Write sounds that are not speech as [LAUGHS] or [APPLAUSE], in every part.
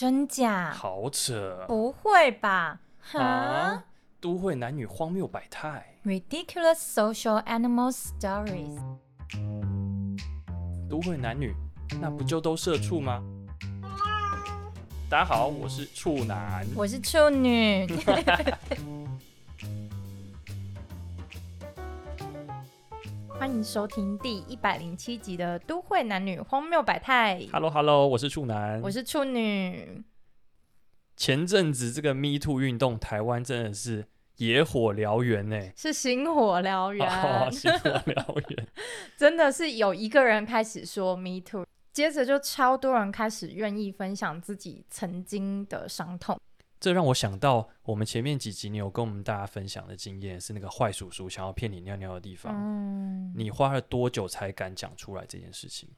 真假？好扯！不會吧？啊！都會男女荒謬百態，ridiculous social animal stories。都會男女，那不就都社畜嗎？大家好，我是處男，我是處女。 [LAUGHS] [LAUGHS] 歡迎收聽第一百零七集的《都會男女荒謬百態》hello。Hello，Hello，我是處男，我是處女。前陣子這個 Me Too 運動，台灣真的是野火燎原呢、欸，是星火燎原，星、oh, oh, oh, 星火燎原， [LAUGHS] 真的是有一個人開始說 Me Too，接着就超多人開始願意分享自己曾經的傷痛。這讓我想到我們前面幾集，你有跟我們大家分享的經驗，是那個壞叔叔想要騙你尿尿的地方。嗯，你花了多久才敢講出來這件事情？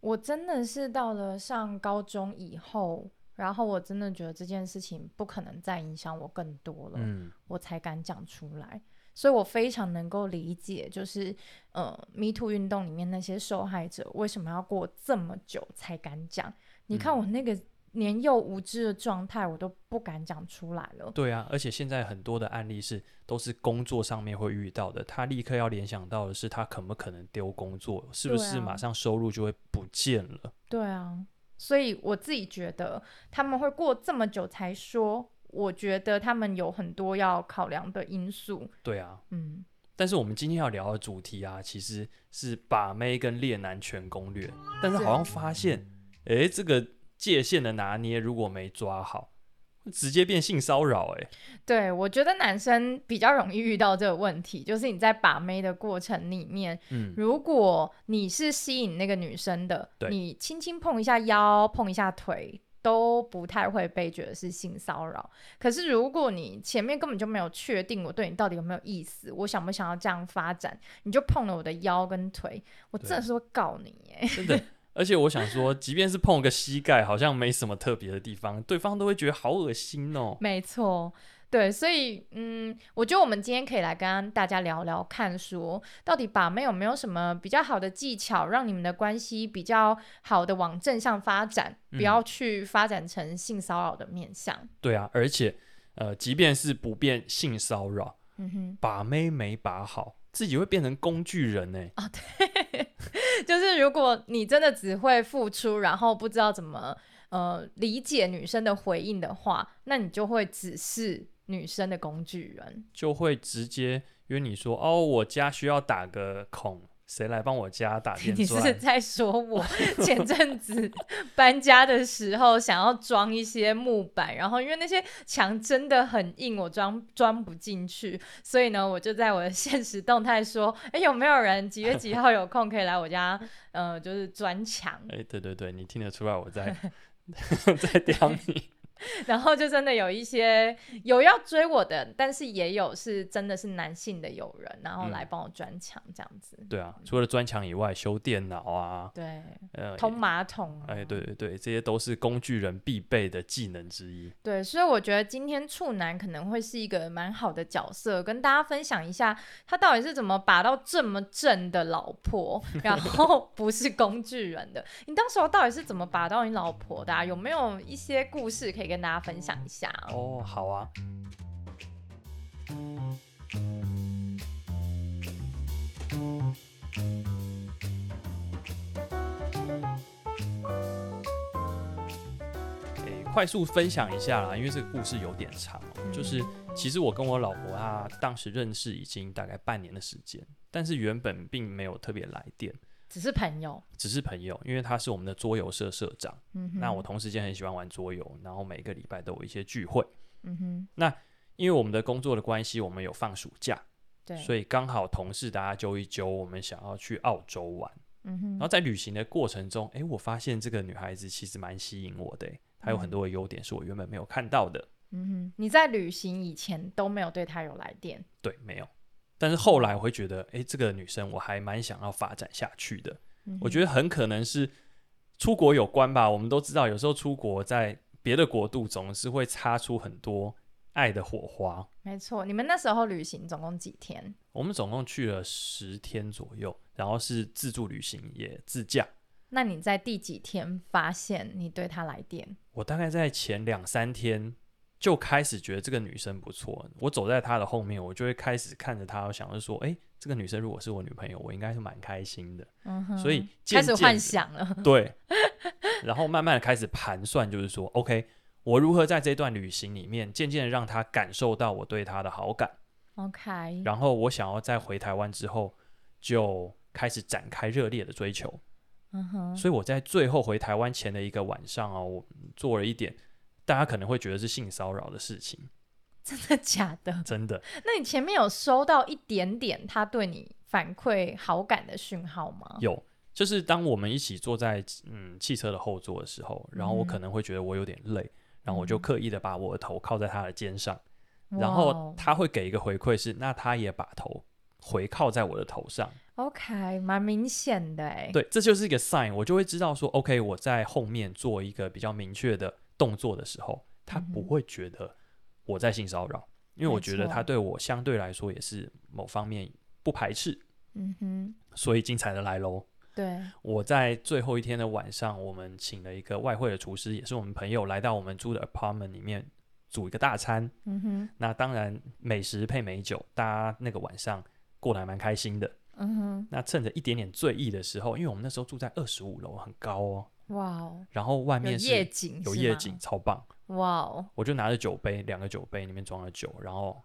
我真的是到了上高中以後，然後我真的覺得這件事情不可能再影響我更多了，嗯，我才敢講出來。所以我非常能夠理解，就是呃，Me Too 運動裡面那些受害者為什麼要過這麼久才敢講？你看我那個、嗯。年幼無知的狀態，我都不敢講出來了。對啊，而且現在很多的案例是都是工作上面會遇到的，他立刻要聯想到的是他可不可能丟工作，是不是馬上收入就會不見了？對啊，對啊，所以我自己覺得他們會過這麼久才說，我覺得他們有很多要考量的因素。對啊，嗯，但是我們今天要聊的主題啊，其實是把妹跟獵男全攻略，但是好像發現，哎，嗯，欸，這個。界限的拿捏，如果沒抓好，直接變性騷擾哎。對，我覺得男生比較容易遇到這個問題，就是你在把妹的過程裡面，嗯，如果你是吸引那個女生的，你輕輕碰一下腰，碰一下腿，都不太會被覺得是性騷擾。可是如果你前面根本就沒有確定我對你到底有沒有意思，我想不想要這樣發展，你就碰了我的腰跟腿，我真的是會告你哎、欸。對對對。而且我想說，即便是碰個膝蓋，好像沒什麼特別的地方，對方都會覺得好噁心哦。沒錯，對，所以嗯，我覺得我們今天可以來跟大家聊聊，看說到底把妹有沒有什麼比較好的技巧，讓你們的關係比較好的往正向發展，嗯、不要去發展成性騷擾的面向。對啊，而且呃，即便是不變性騷擾，嗯哼，把妹沒把好，自己會變成工具人呢。啊、哦，對。 [LAUGHS] 就是如果你真的只會付出，然後不知道怎麼呃理解女生的回應的話，那你就會只是女生的工具人，就會直接約你說哦，我家需要打個孔。誰來幫我家打電鑽？你是在說我前陣子搬家的時候，想要裝一些木板，然後因為那些牆真的很硬，我裝裝不進去，所以呢，我就在我的現實動態說：“哎、欸，有沒有人幾月幾號有空可以來我家？ [LAUGHS] 呃，就是鑽牆。欸”哎，對對對，你聽得出來我在 [LAUGHS] [LAUGHS] 在刁你。 [LAUGHS] 然後就真的有一些有要追我的，但是也有是真的是男性的友人，然後來幫我鑽牆這樣子，嗯。對啊，除了鑽牆以外，修電腦啊，對，呃，通馬桶，啊。哎，欸，對對對，這些都是工具人必備的技能之一。對，所以我覺得今天處男可能會是一個蠻好的角色，跟大家分享一下他到底是怎麼把到這麼正的老婆，然後不是工具人的。 [LAUGHS] 你當時候到底是怎麼把到你老婆的啊？有沒有一些故事可以？跟大家分享一下哦，哦，好啊、欸，快速分享一下啦，因為這個故事有點長。就是其實我跟我老婆她當時認識已經大概半年的時間，但是原本並沒有特別來電。只是朋友，只是朋友，因為他是我們的桌遊社社長。嗯哼，那我同時間很喜歡玩桌遊，然後每個禮拜都有一些聚會。嗯哼，那因為我們的工作的關係，我們有放暑假，對，所以剛好同事大家、啊、揪一揪，我們想要去澳洲玩。嗯哼，然後在旅行的過程中，哎、欸，我發現這個女孩子其實蠻吸引我的、欸，她有很多的優點是我原本沒有看到的。嗯哼，你在旅行以前都沒有對她有來電？對，沒有。但是後來我會覺得，誒、欸，這個女生我還蠻想要發展下去的，嗯。我覺得很可能是出國有關吧。我們都知道，有時候出國在別的國度總是會擦出很多愛的火花。沒錯，你們那時候旅行總共幾天？我們總共去了十天左右，然後是自助旅行也自駕。那你在第幾天發現你對她來電？我大概在前兩三天。就開始覺得這個女生不錯，我走在她的後面，我就會開始看着她，我想着說，哎、欸，這個女生如果是我女朋友，我應該是蠻開心的。嗯哼。所以漸漸開始幻想了。對。然後慢慢的開始盤算，就是說 [LAUGHS] ，OK，我如何在這段旅行裡面，漸漸的讓她感受到我對她的好感。OK。然後我想要在回台灣之後，就開始展開熱烈的追求。嗯哼。所以我在最後回台灣前的一個晚上哦，我做了一點。大家可能會覺得是性騷擾的事情，真的假的？真的。那你前面有收到一點點他對你反饋好感的訊號嗎？有，就是當我們一起坐在嗯汽車的後座的時候，然後我可能會覺得我有點累，嗯、然後我就刻意的把我的頭靠在他的肩上，嗯、然後他會給一個回饋是、wow，那他也把頭回靠在我的頭上。OK，蠻明顯的。對，這就是一個 sign，我就會知道說，OK，我在後面做一個比較明確的。動作的時候，他不會覺得我在性騷擾，嗯哼，因為我覺得他對我相對來說也是某方面不排斥。嗯哼，所以精彩的來嘍。對，我在最後一天的晚上，我們請了一個外燴的廚師，也是我們朋友，來到我們住的 apartment 裡面煮一個大餐。嗯哼，那當然美食配美酒，大家那個晚上過得還蠻開心的。嗯哼，那趁着一點點醉意的時候，因為我們那時候住在二十五樓，很高哦。哇哦！然後外面有夜景，有夜景，超棒！哇哦！我就拿着酒杯，兩個酒杯裡面裝了酒，然後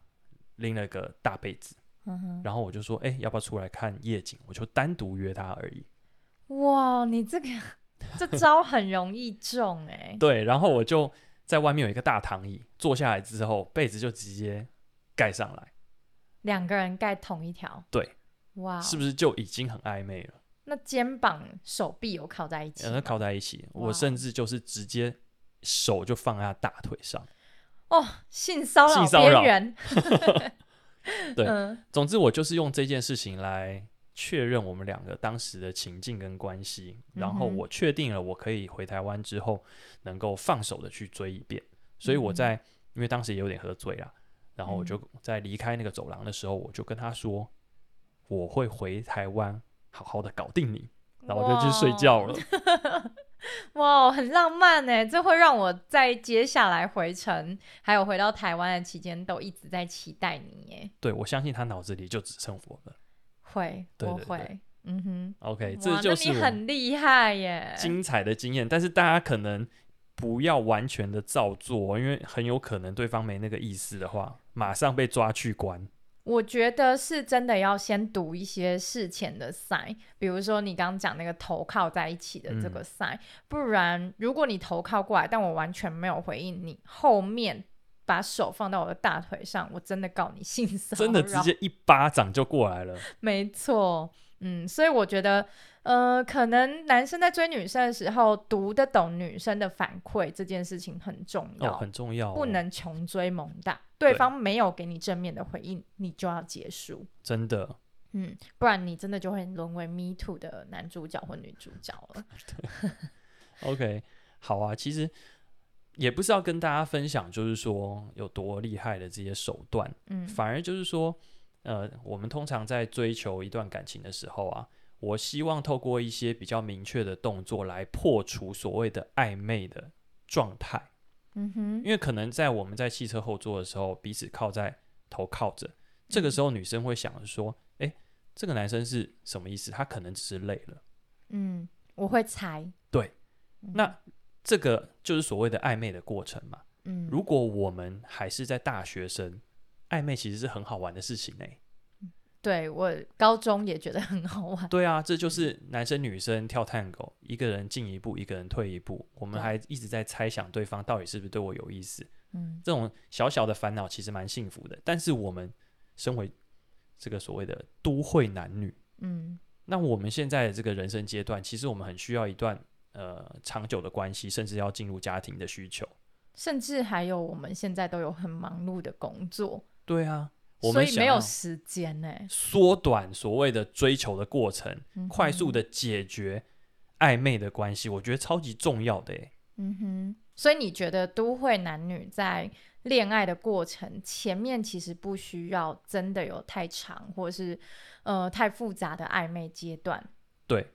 拎了個大被子，嗯、哼然後我就說：“哎、欸，要不要出來看夜景？”我就單獨約他而已。哇、wow，你這個這招很容易中哎！ [LAUGHS] 對，然後我就在外面有一個大躺椅，坐下來之後，被子就直接蓋上來，兩個人蓋同一條。對，哇、wow，是不是就已經很曖昧了？那肩膀、手臂有靠在一起，嗯，靠在一起，我甚至就是直接手就放在他大腿上，哦，性騷擾，性騷擾 [LAUGHS] [LAUGHS] 對、嗯，總之我就是用這件事情來確認我們兩個當時的情境跟關係，嗯，然後我確定了我可以回台灣之後，能夠放手的去追一遍，嗯。所以我在，因為當時也有點喝醉了，然後我就在離開那個走廊的時候，嗯、我就跟他說，我會回台灣。好好的搞定你，然後就去睡覺了。哇、wow. [LAUGHS] ，wow, 很浪漫哎！這會讓我在接下來回程，還有回到台灣的期間，都一直在期待你耶。對，我相信他腦子裡就只剩我了。會，對對對，我會。嗯哼，OK，這是，就是你很厲害耶，精彩的經驗。但是大家可能不要完全的照做，因為很有可能對方沒那個意思的話，馬上被抓去關。我覺得是真的要先讀一些事前的 sign 比如說你剛剛講那個頭靠在一起的這個 sign、嗯、不然如果你頭靠過來，但我完全沒有回應你，後面把手放到我的大腿上，我真的告你性騷擾，真的直接一巴掌就過來了， [LAUGHS] 沒錯。嗯，所以我覺得，呃，可能男生在追女生的時候，讀得懂女生的反饋這件事情很重要，哦，很重要哦，不能窮追猛打。對方沒有給你正面的回應，你就要結束，真的。嗯，不然你真的就會淪為 me too 的男主角或女主角了 [LAUGHS] 對。OK，好啊。其實也不是要跟大家分享，就是說有多厲害的這些手段，嗯，反而就是說。呃，我們通常在追求一段感情的時候啊，我希望透過一些比較明確的動作來破除所謂的曖昧的狀態。嗯哼，因為可能在我們在汽車後座的時候，彼此靠在頭靠着，這個時候女生會想說：“嗯、誒，這個男生是什麼意思？他可能只是累了。”嗯，我會猜。對，那這個就是所謂的曖昧的過程嘛。嗯，如果我們還是在大學生。曖昧其實是很好玩的事情嘞、欸，對，我高中也覺得很好玩。對啊，這就是男生女生跳探戈、嗯，一個人進一步，一個人退一步。我們還一直在猜想對方到底是不是對我有意思。嗯，這種小小的煩惱其實蠻幸福的。但是我們身為這個所謂的都會男女，嗯，那我們現在的這個人生階段，其實我們很需要一段呃長久的關係，甚至要進入家庭的需求，甚至還有我們現在都有很忙碌的工作。對啊，我們所、所以沒有時間呢、欸。縮短所謂的追求的過程，快速的解決曖昧的關係，我覺得超級重要的、欸。嗯哼，所以你覺得都會男女在戀愛的過程前面其實不需要真的有太長或、或者是呃太複雜的曖昧階段。對，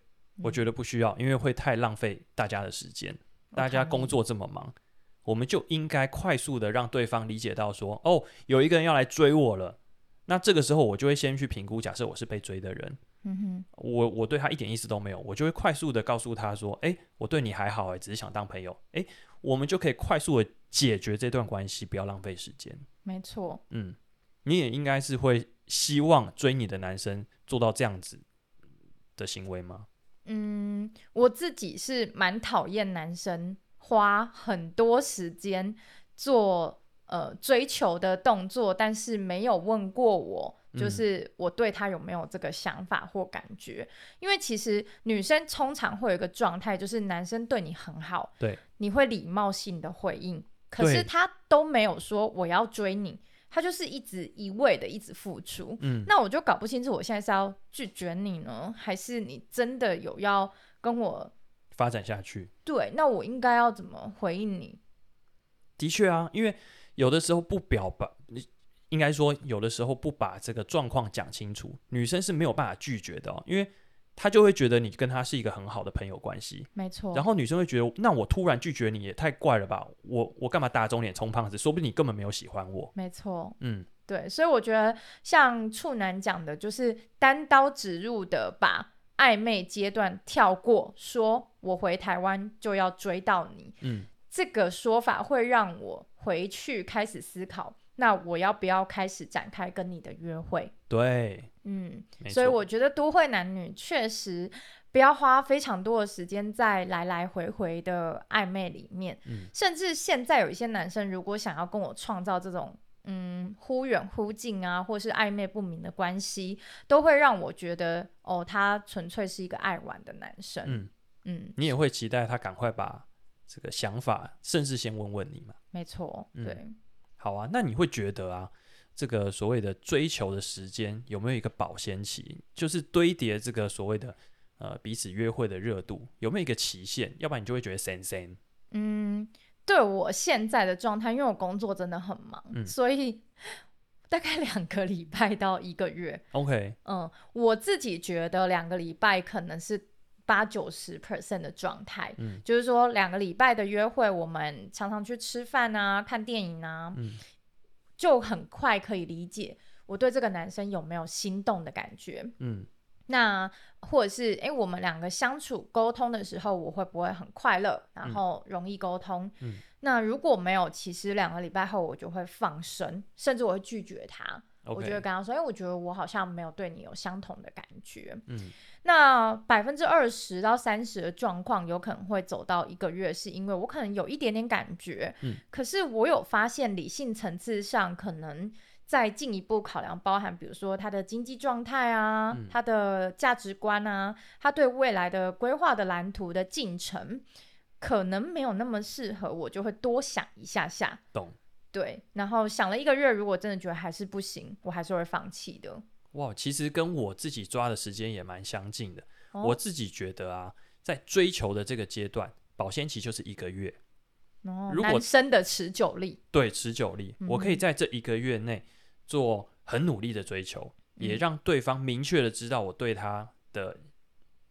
我覺得不需要，因為會太浪費大家的時間、嗯，大家工作這麼忙。Okay. 我們就應該快速的讓對方理解到說，哦，有一個人要來追我了，那這個時候我就會先去評估，假設我是被追的人，嗯哼，我我對他一點意思都沒有，我就會快速的告訴他說，哎，我對你還好，誒，只是想當朋友，哎，我們就可以快速的解決這段關係，不要浪費時間。沒錯，嗯，你也應該是會希望追你的男生做到這樣子的行為嗎？嗯，我自己是蠻討厭男生花很多時間做呃追求的動作，但是沒有問過我，就是我對他有沒有這個想法或感覺。嗯，因為其實女生通常會有一個狀態，就是男生對你很好，對，你會禮貌性的回應，可是他都沒有說我要追你，他就是一直一味的一直付出。嗯，那我就搞不清楚，我現在是要拒絕你呢，還是你真的有要跟我發展下去，對，那我應該要怎麼回應你？的確啊，因為有的時候不表白，應該說有的時候不把這個狀況講清楚，女生是沒有辦法拒絕的哦，因為她就會覺得你跟她是一個很好的朋友關係。沒錯。然後女生會覺得，那我突然拒絕你也太怪了吧？我我幹嘛打腫臉充胖子？說不定你根本沒有喜歡我。沒錯。嗯，對，所以我覺得像處男講的，就是單刀直入的吧。曖昧階段跳過，說我回台灣就要追到你，嗯，這個說法會讓我回去開始思考，那我要不要開始展開跟你的約會？對，嗯，所以我覺得都會男女確實不要花非常多的時間在來來回回的曖昧裡面，嗯，甚至現在有一些男生如果想要跟我創造這種。嗯，忽遠忽近啊，或是曖昧不明的關係，都會讓我覺得哦，他純粹是一個愛玩的男生。嗯嗯，你也會期待他趕快把這個想法，甚至先問問你嘛？沒錯、嗯，對。好啊，那你會覺得啊，這個所謂的追求的時間有沒有一個保鮮期？就是堆疊這個所謂的呃彼此約會的熱度有沒有一個期限？要不然你就會覺得酸酸。嗯。對我現在的狀態，因為我工作真的很忙，嗯、所以大概兩個禮拜到一個月，OK，嗯，我自己覺得兩個禮拜可能是八九十 percent 的狀態，嗯、就是說兩個禮拜的約會，我們常常去吃飯啊、看電影啊、嗯，就很快可以理解我對這個男生有沒有心動的感覺，嗯。那或者是哎、欸，我們兩個相處溝通的時候，我會不會很快樂，然後容易溝通、嗯？那如果沒有，其實兩個禮拜後我就會放生，甚至我會拒絕他。Okay. 我就會跟他說，因、欸、為我覺得我好像沒有對你有相同的感覺。嗯、那百分之二十到三十的狀況，有可能會走到一個月，是因為我可能有一點點感覺。嗯、可是我有發現理性層次上可能。再進一步考量，包含比如說他的經濟狀態啊、嗯，他的價值觀啊，他對未來的規劃的藍圖的進程，可能沒有那麼適合我，就會多想一下下。懂。對，然後想了一個月，如果真的覺得還是不行，我還是會放棄的。哇，其實跟我自己抓的時間也蠻相近的。哦、我自己覺得啊，在追求的這個階段，保鮮期就是一個月。哦。如果男生的持久力。對，持久力，嗯、我可以在這一個月內做很努力的追求，嗯、也讓對方明確的知道我對他的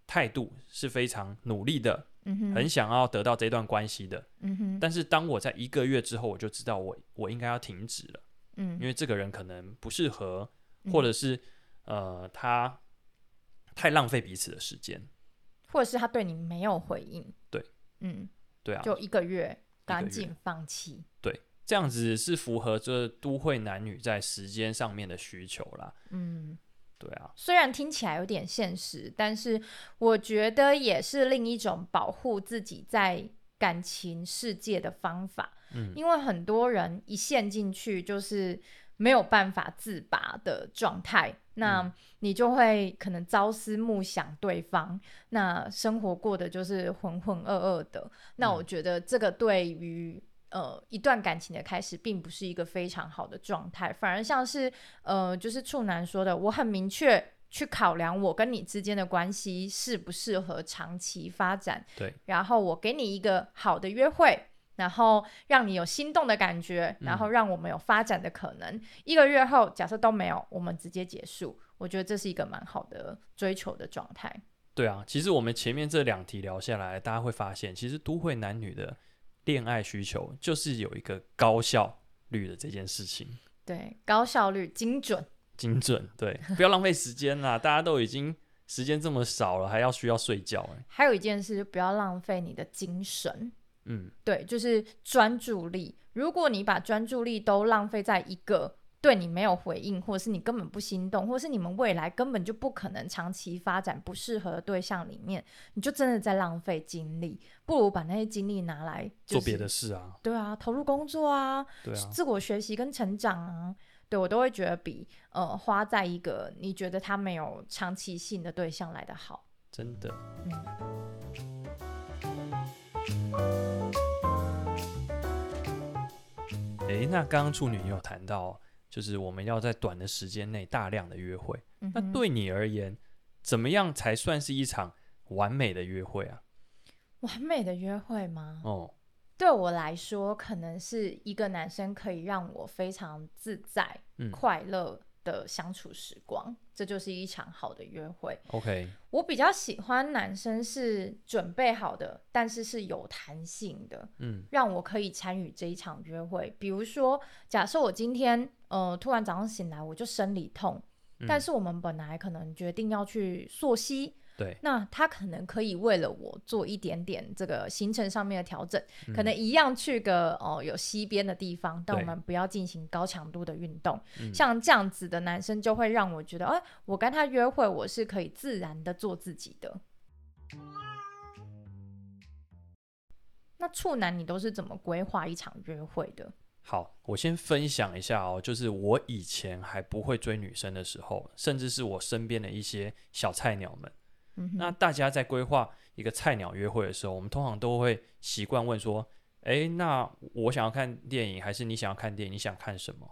態度是非常努力的，嗯哼，很想要得到這段關係的，嗯哼。但是當我在一個月之後，我就知道我我應該要停止了，嗯，因為這個人可能不適合、嗯，或者是呃他太浪費彼此的時間，或者是他對你沒有回應，對，嗯，對啊，就一個月，趕緊放棄，對。這樣子是符合這都會男女在時間上面的需求啦。嗯，對啊，雖然聽起來有點現實，但是我覺得也是另一種保護自己在感情世界的方法。嗯，因為很多人一陷進去就是沒有辦法自拔的狀態，嗯，那你就會可能朝思暮想對方，那生活過的就是渾渾噩噩的。那我覺得這個對於呃，一段感情的開始並不是一個非常好的狀態，反而像是呃，就是處男說的，我很明確去考量我跟你之間的關係適不適合長期發展。對，然後我給你一個好的約會，然後讓你有心動的感覺，然後讓我們有發展的可能。嗯。一個月後，假設都沒有，我們直接結束。我覺得這是一個蠻好的追求的狀態。對啊，其實我們前面這兩題聊下來，大家會發現，其實都會男女的。戀愛需求就是有一個高效率的這件事情，對，高效率、精準、精準，對，不要浪費時間啦， [LAUGHS] 大家都已經時間這麼少了，還要需要睡覺欸，還有一件事，就不要浪費你的精神，嗯，對，就是專注力，如果你把專注力都浪費在一個。對你沒有回應，或者是你根本不心動，或者是你們未來根本就不可能長期發展，不適合的對象裡面，你就真的在浪費精力，不如把那些精力拿來、就是、做別的事啊。對啊，投入工作啊，對啊，自我學習跟成長啊，對我都會覺得比呃花在一個你覺得他沒有長期性的對象來得好。真的，嗯。哎，那剛剛處女你有談到。就是我們要在短的時間內大量的約會，嗯，那對你而言，怎麼樣才算是一場完美的約會啊？完美的約會嗎？哦，對我來說，可能是一個男生可以讓我非常自在、快樂的相處時光，嗯，這就是一場好的約會。OK，我比較喜歡男生是準備好的，但是是有彈性的，嗯，讓我可以參與這一場約會。比如說，假設我今天。呃，突然早上醒來我就生理痛，嗯、但是我們本來可能決定要去溯溪，對，那他可能可以為了我做一點點這個行程上面的調整、嗯，可能一樣去個哦、呃、有溪邊的地方，但我們不要進行高強度的運動。像這樣子的男生就會讓我覺得，哎、嗯啊，我跟他約會我是可以自然的做自己的。嗯、那處男你都是怎麼規劃一場約會的？好，我先分享一下哦，就是我以前還不會追女生的時候，甚至是我身邊的一些小菜鳥們。嗯、那大家在規劃一個菜鳥約會的時候，我們通常都會習慣問說：誒，那我想要看電影，還是你想要看電影？你想看什麼？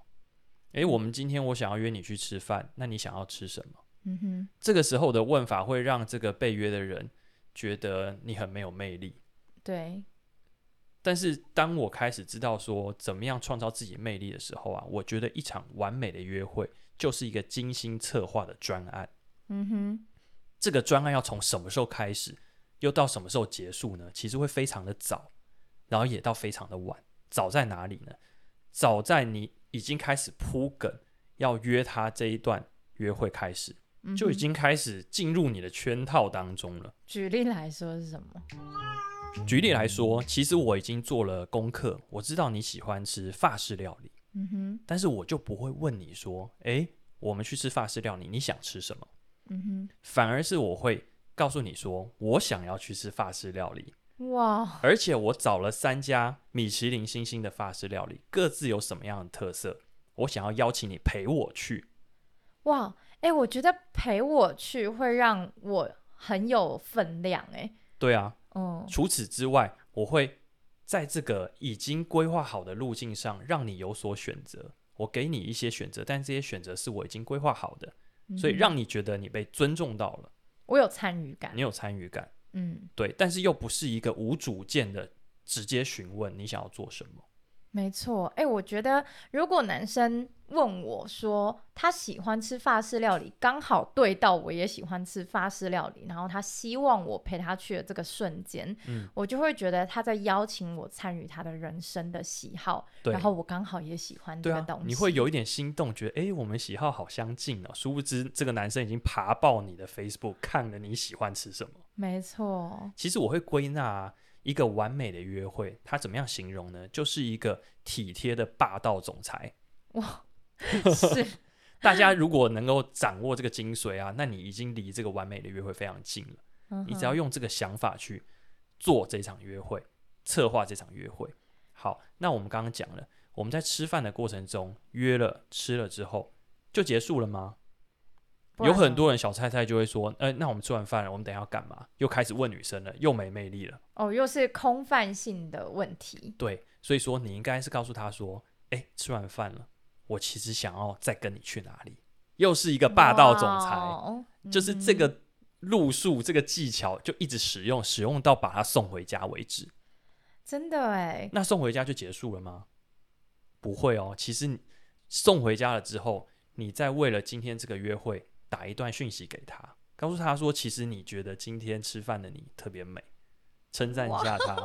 誒，我們今天我想要約你去吃飯，那你想要吃什麼？嗯哼，這個時候的問法會讓這個被約的人覺得你很沒有魅力。對。但是當我開始知道說怎麼樣創造自己魅力的時候啊，我覺得一場完美的約會就是一個精心策劃的專案。嗯哼，這個專案要從什麼時候開始，又到什麼時候結束呢？其實會非常的早，然後也到非常的晚。早在哪裡呢？早在你已經開始鋪梗，要約他這一段約會開始，就已經開始進入你的圈套當中了。嗯哼，舉例來說是什麼？舉例來說，其實我已經做了功課，我知道你喜歡吃法式料理，嗯哼，但是我就不會問你說，哎、欸，我們去吃法式料理，你想吃什麼？嗯哼，反而是我會告訴你說，我想要去吃法式料理，哇，而且我找了三家米其林星星的法式料理，各自有什麼樣的特色，我想要邀請你陪我去。哇，哎、欸，我覺得陪我去會讓我很有分量，欸，哎，對啊。除此之外，我會在這個已經規劃好的路徑上讓你有所選擇。我給你一些選擇，但這些選擇是我已經規劃好的，嗯，所以讓你覺得你被尊重到了。我有參與感，你有參與感，嗯，對。但是又不是一個無主見的直接詢問你想要做什麼。沒錯，哎、欸，我覺得如果男生問我說他喜歡吃法式料理，剛好對到我也喜歡吃法式料理，然後他希望我陪他去的這個瞬間，嗯，我就會覺得他在邀請我參與他的人生的喜好，然後我剛好也喜歡這個東西，對啊、你會有一點心動，覺得哎、欸，我們喜好好相近哦。殊不知這個男生已經爬爆你的 Facebook，看了你喜歡吃什麼，沒錯，其實我會歸納、啊。一個完美的約會，他怎麼樣形容呢？就是一個體貼的霸道總裁。哇，是！ [LAUGHS] 大家如果能夠掌握這個精髓啊，那你已經離這個完美的約會非常近了。嗯。你只要用這個想法去做這場約會，策劃這場約會。好，那我們剛剛講了，我們在吃飯的過程中約了，吃了之後就結束了嗎？有很多人小菜菜就會說，哎、呃，那我們吃完飯了，我們等一下要幹嘛？又開始問女生了，又沒魅力了。哦，又是空泛性的問題。對，所以說你應該是告訴他說，哎、欸，吃完飯了，我其實想要再跟你去哪裡。又是一個霸道總裁，wow, 就是這個路數、嗯，這個技巧就一直使用，使用到把他送回家為止。真的哎，那送回家就結束了嗎？不會哦，其實你送回家了之後，你再為了今天這個約會。打一段訊息給他，告訴他說：“其實你覺得今天吃飯的你特別美，稱讚一下他。”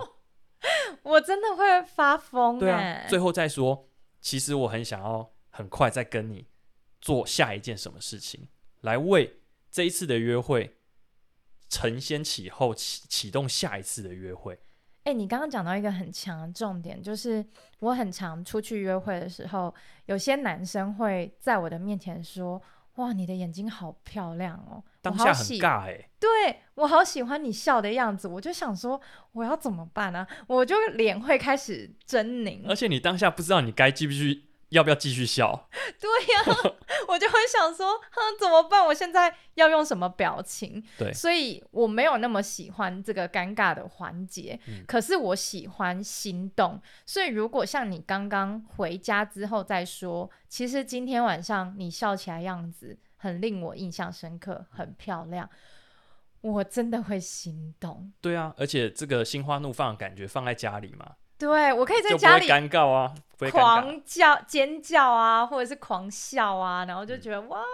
我真的會發瘋、欸。的、對啊。最後再說，其實我很想要很快再跟你做下一件什麼事情，來為這一次的約會承先啟後，啟、啟動下一次的約會。誒、欸，你剛剛講到一個很強的重點，就是我很常出去約會的時候，有些男生會在我的面前說。哇，你的眼睛好漂亮哦！當下很尬，我好喜，對，我好喜歡你笑的樣子，我就想說我要怎麼辦啊？我就臉會開始猙獰，而且你當下不知道你該記不記。要不要繼續笑？ [LAUGHS] 對呀、啊，我就會想說，哼、 [LAUGHS] 啊，怎麼辦？我現在要用什麼表情？對，所以我沒有那麼喜歡這個尷尬的環節、嗯。可是我喜歡心動。所以如果像你剛剛回家之後再說，其實今天晚上你笑起來的樣子很令我印象深刻，很漂亮，我真的會心動。對啊，而且這個心花怒放的感覺放在家裡嘛。對，我可以在家裡尷尬啊，狂叫、啊、尖叫啊，或者是狂笑啊，然後就覺得、嗯、哇，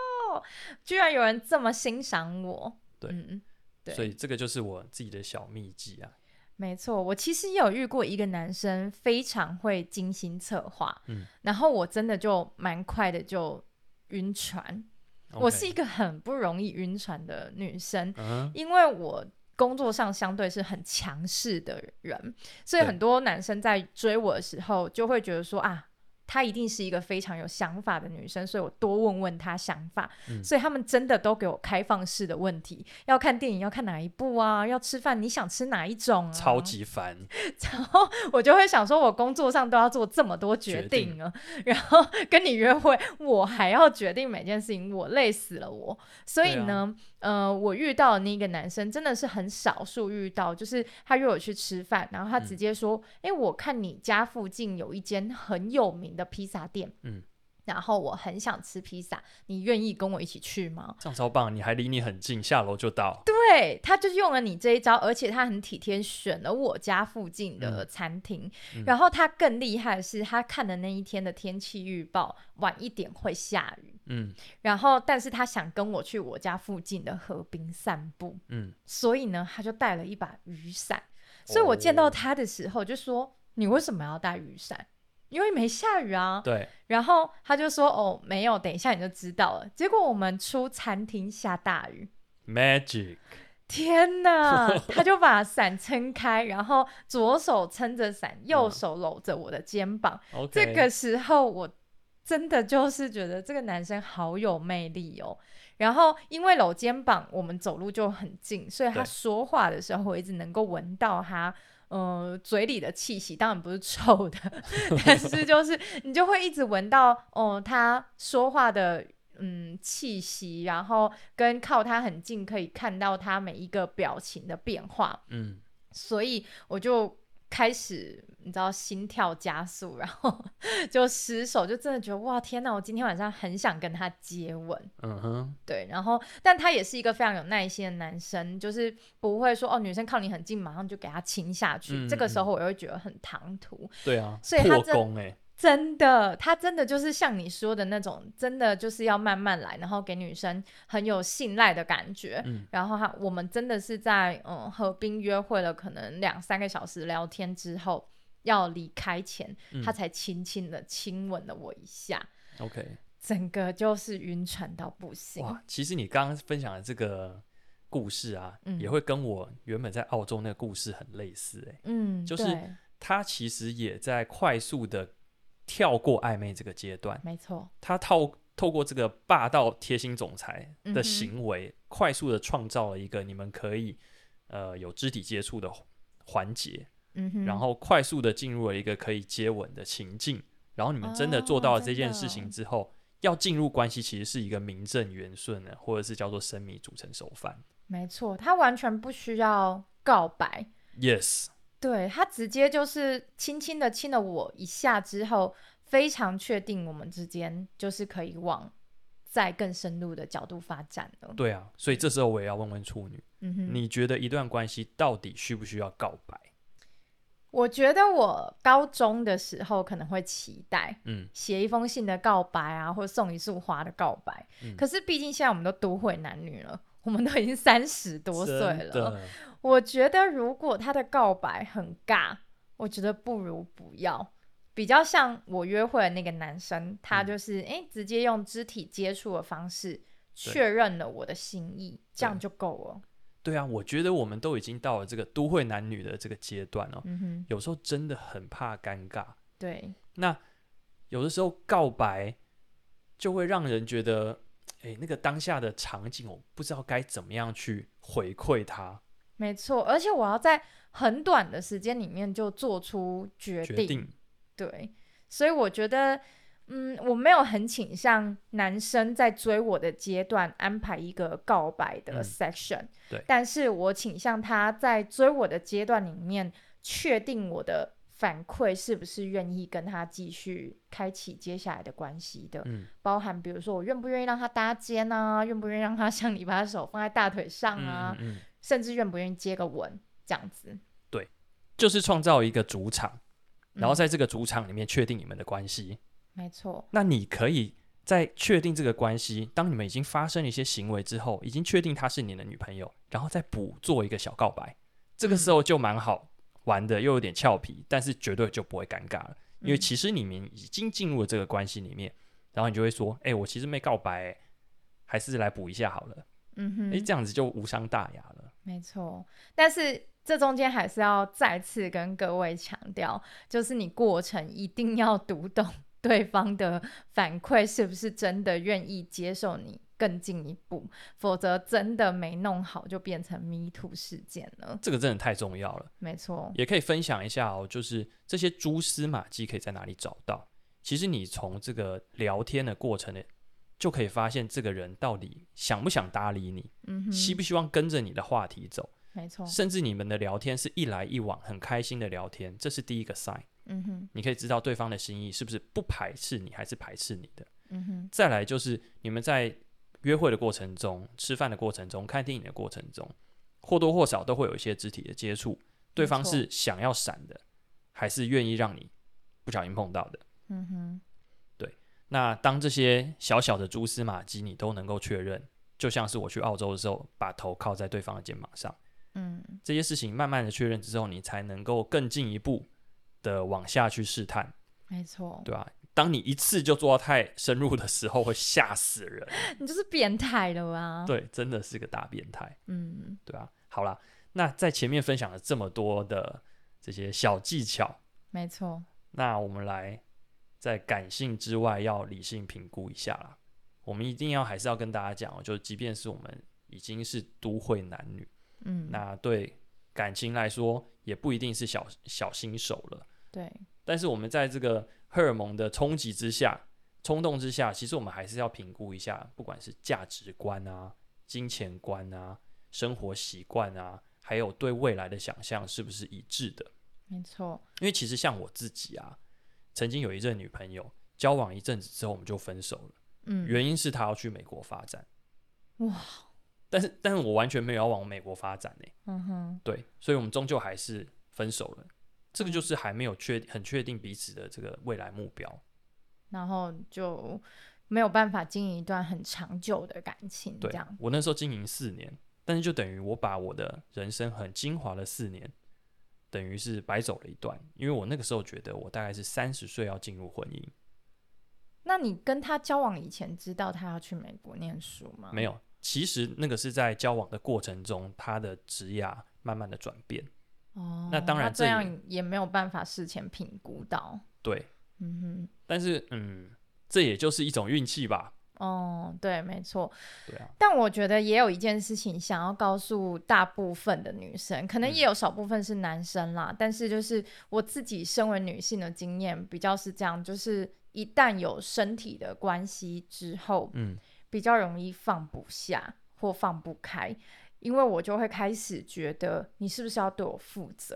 居然有人這麼欣賞我對、嗯。對，所以這個就是我自己的小秘籍啊。沒錯，我其實也有遇過一個男生，非常會精心策劃，嗯，然後我真的就蠻快的就暈船、Okay。我是一個很不容易暈船的女生，嗯、因為我。工作上相對是很強勢的人，所以很多男生在追我的時候，就會覺得說啊。她一定是一個非常有想法的女生，所以我多問問她想法，嗯。所以他們真的都給我開放式的問題，要看電影要看哪一部啊，要吃飯你想吃哪一種啊？超級煩。然後我就會想說，我工作上都要做這麼多決定啊，然後跟你約會我還要決定每件事情，我累死了我。所以呢，啊，呃，我遇到的那個男生真的是很少數遇到，就是他約我去吃飯，然後他直接說：“哎，嗯欸，我看你家附近有一間很有名。”的披薩店，嗯，然後我很想吃披薩，你願意跟我一起去嗎？這超棒，你還離你很近，下樓就到。對他就是用了你這一招，而且他很體貼，選了我家附近的餐廳。嗯嗯、然後他更厲害的是，他看的那一天的天氣預報，晚一點會下雨。嗯，然後但是他想跟我去我家附近的河邊散步。嗯，所以呢，他就帶了一把雨傘、哦。所以我見到他的時候就說：“你為什麼要帶雨傘？”因為沒下雨啊，對。然後他就說：“哦，沒有，等一下你就知道了。”結果我們出餐廳下大雨，Magic！天哪！ [LAUGHS] 他就把傘撐開，然後左手撐着傘，右手摟着我的肩膀。嗯 Okay. 這個時候我真的就是覺得這個男生好有魅力哦。然後因為摟肩膀，我們走路就很近，所以他說話的時候，對。我一直能夠聞到他。呃，嘴裡的氣息當然不是臭的，但是就是你就會一直聞到哦，呃，他說話的嗯氣息，然後跟靠他很近，可以看到他每一個表情的變化，嗯，所以我就。開始，你知道心跳加速，然後就失手，就真的覺得哇天哪！我今天晚上很想跟他接吻。嗯哼，對。然後，但他也是一個非常有耐心的男生，就是不會說哦，女生靠你很近，馬上就給她親下去嗯嗯。這個時候，我又覺得很唐突。對啊，所以他真的破功哎。真的，他真的就是像你說的那種，真的就是要慢慢來，然後給女生很有信賴的感覺。嗯，然後他，我們真的是在嗯和冰約會了，可能兩三個小時聊天之後，要離開前，嗯、他才輕輕的親吻了我一下。OK，整個就是暈船到不行。哇，其實你剛剛分享的這個故事啊，嗯、也會跟我原本在澳洲那個故事很類似、欸。哎，嗯，就是他其實也在快速的。跳過曖昧這個階段，沒錯，他透透過這個霸道貼心總裁的行為，嗯、快速的創造了一個你們可以呃有肢體接觸的環節、嗯，然後快速的進入了一個可以接吻的情境，然後你們真的做到了這件事情之後，哦、要進入關係其實是一個名正言順的，或者是叫做生米煮成熟飯，沒錯，他完全不需要告白，yes。對他直接就是輕輕的親了我一下之後，非常確定我們之間就是可以往再更深入的角度發展了。對啊，所以這時候我也要問問處女，嗯、你覺得一段關係到底需不需要告白？我覺得我高中的時候可能會期待，寫一封信的告白啊、嗯，或送一束花的告白。嗯、可是畢竟現在我們都都會男女了。我們都已經三十多歲了，我覺得如果他的告白很尬，我覺得不如不要。比較像我約會的那個男生，他就是、嗯、誒，直接用肢體接觸的方式確認了我的心意，這樣就夠了對。對啊，我覺得我們都已經到了這個都會男女的這個階段哦。嗯哼，有時候真的很怕尷尬。對，那有的時候告白就會讓人覺得。哎、欸，那個當下的場景，我不知道該怎麼樣去回饋他。沒錯，而且我要在很短的時間裡面就做出決定、決定。對，所以我覺得，嗯，我沒有很傾向男生在追我的階段安排一個告白的 section，嗯。對，但是我傾向他在追我的階段裡面確定我的。反饋是不是願意跟他繼續開啟接下來的關係的？嗯，包含比如說我願不願意讓他搭肩啊，願不願意讓他像你把手放在大腿上啊，嗯嗯，甚至願不願意接個吻這樣子。對，就是創造一個主場，然後在這個主場裡面確定你們的關係。嗯，沒錯。那你可以在確定這個關係，當你們已經發生了一些行為之後，已經確定她是你的女朋友，然後再補做一個小告白，這個時候就蠻好。嗯玩的又有點俏皮，但是絕對就不會尷尬了，因為其實你們已經進入了這個關係裡面，嗯，然後你就會說：“哎、欸，我其實沒告白、欸，還是來補一下好了。”嗯哼、欸，這樣子就無傷大雅了。沒錯，但是這中間還是要再次跟各位強調，就是你過程一定要讀懂對方的反饋，是不是真的願意接受你。更進一步，否則真的沒弄好就變成 MeToo 事件了。這個真的太重要了，沒錯。也可以分享一下哦，就是這些蛛絲馬跡可以在哪裡找到？其實你從這個聊天的過程呢，就可以發現這個人到底想不想搭理你，嗯哼，希不希望跟着你的話題走，沒錯。甚至你們的聊天是一來一往很開心的聊天，這是第一個 sign，嗯哼，你可以知道對方的心意是不是不排斥你，還是排斥你的，嗯哼。再來就是你們在。約會的過程中、吃飯的過程中、看電影的過程中，或多或少都會有一些肢體的接觸。對方是想要閃的，還是願意讓你不小心碰到的？嗯哼，對。那當這些小小的蛛絲馬跡你都能夠確認，就像是我去澳洲的時候，把頭靠在對方的肩膀上，嗯，這些事情慢慢的確認之後，你才能夠更進一步的往下去試探。沒錯，對吧？當你一次就做到太深入的時候，會嚇死人。你就是變態的吧？對，真的是個大變態。嗯，對啊。好啦，那在前面分享了這麼多的這些小技巧，沒錯。那我們來在感性之外，要理性評估一下啦。我們一定要還是要跟大家講，就即便是我們已經是都會男女，嗯，那對感情來說，也不一定是小小新手了。對。但是我們在這個荷爾蒙的衝擊之下、衝動之下，其實我們還是要評估一下，不管是價值觀啊、金錢觀啊、生活習慣啊，還有對未來的想象是不是一致的？沒錯。因為其實像我自己啊，曾經有一任女朋友交往一陣子之後，我們就分手了。嗯。原因是她要去美國發展。哇。但是，但是我完全沒有要往美國發展呢、欸。嗯哼。對，所以我們終究還是分手了。這個就是還沒有確很確定彼此的這個未來目標，然後就沒有辦法經營一段很長久的感情這樣。對，我那時候經營四年，但是就等於我把我的人生很精華的四年，等於是白走了一段。因為我那個時候覺得我大概是三十歲要進入婚姻。那你跟他交往以前知道他要去美國念書嗎？沒有，其實那個是在交往的過程中，他的職業慢慢的轉變。哦，那當然這，這樣也沒有辦法事前評估到。對，嗯哼，但是嗯，這也就是一種運氣吧。哦，對，沒錯。對啊。但我覺得也有一件事情想要告訴大部分的女生，可能也有少部分是男生啦。嗯。但是就是我自己身為女性的經驗比較是這樣，就是一旦有身體的關係之後，嗯，比較容易放不下或放不開。因為我就會開始覺得你是不是要對我負責，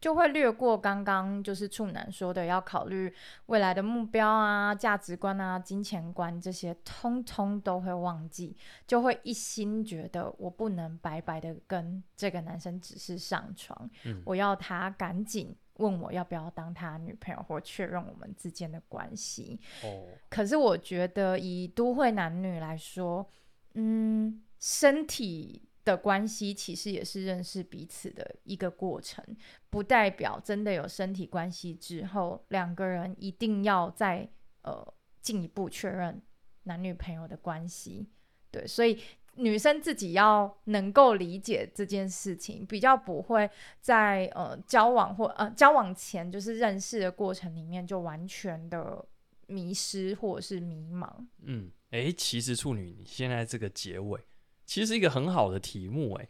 就會略過剛剛就是處男說的要考慮未來的目標啊、價值觀啊、金錢觀這些，通通都會忘記，就會一心覺得我不能白白的跟這個男生只是上床，嗯，我要他趕緊問我要不要當他女朋友或確認我們之間的關係。哦，可是我覺得以都會男女來說，嗯，身體。的關係其實也是認識彼此的一個過程，不代表真的有身體關係之後，兩個人一定要再呃進一步確認男女朋友的關係。對，所以女生自己要能夠理解這件事情，比較不會在呃交往或呃交往前，就是認識的過程裡面就完全的迷失或者是迷茫。嗯，誒、欸，其實處女，你現在這個結尾。其實是一個很好的題目，哎，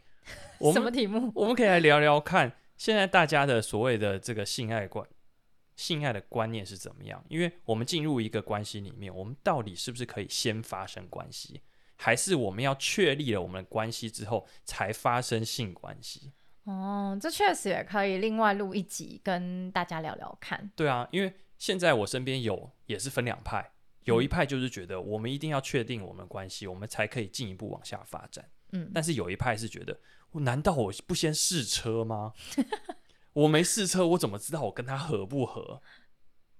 我們，什麼題目？我們可以來聊聊看，現在大家的所謂的這個性愛觀、性愛的觀念是怎麼樣？因為我們進入一個關係裡面，我們到底是不是可以先發生關係，還是我們要確立了我們的關係之後才發生性關係？哦，這確實也可以另外錄一集跟大家聊聊看。對啊，因為現在我身邊有也是分兩派。有一派就是覺得我們一定要確定我們關係，我們才可以進一步往下發展。嗯，但是有一派是覺得，難道我不先試車嗎？ [LAUGHS] 我沒試車，我怎麼知道我跟他合不合？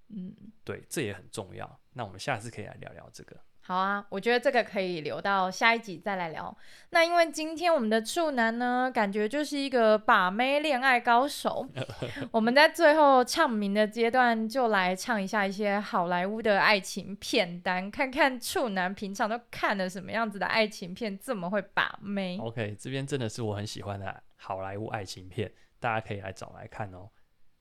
嗯，對，這也很重要。那我們下次可以來聊聊這個。好啊，我覺得這個可以留到下一集再來聊。那因為今天我們的處男呢，感覺就是一個把妹戀愛高手。 [LAUGHS] 我們在最後唱名的階段，就來唱一下一些好萊塢的愛情片單，看看處男平常都看了什麼樣子的愛情片，這麼會把妹。OK，這邊真的是我很喜歡的好萊塢愛情片，大家可以來找來看哦。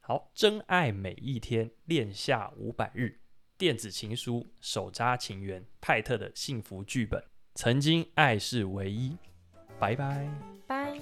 好，真愛每一天，戀下五百日。電子情書，手札情緣，派特的幸福劇本，曾經愛是唯一。拜拜，拜。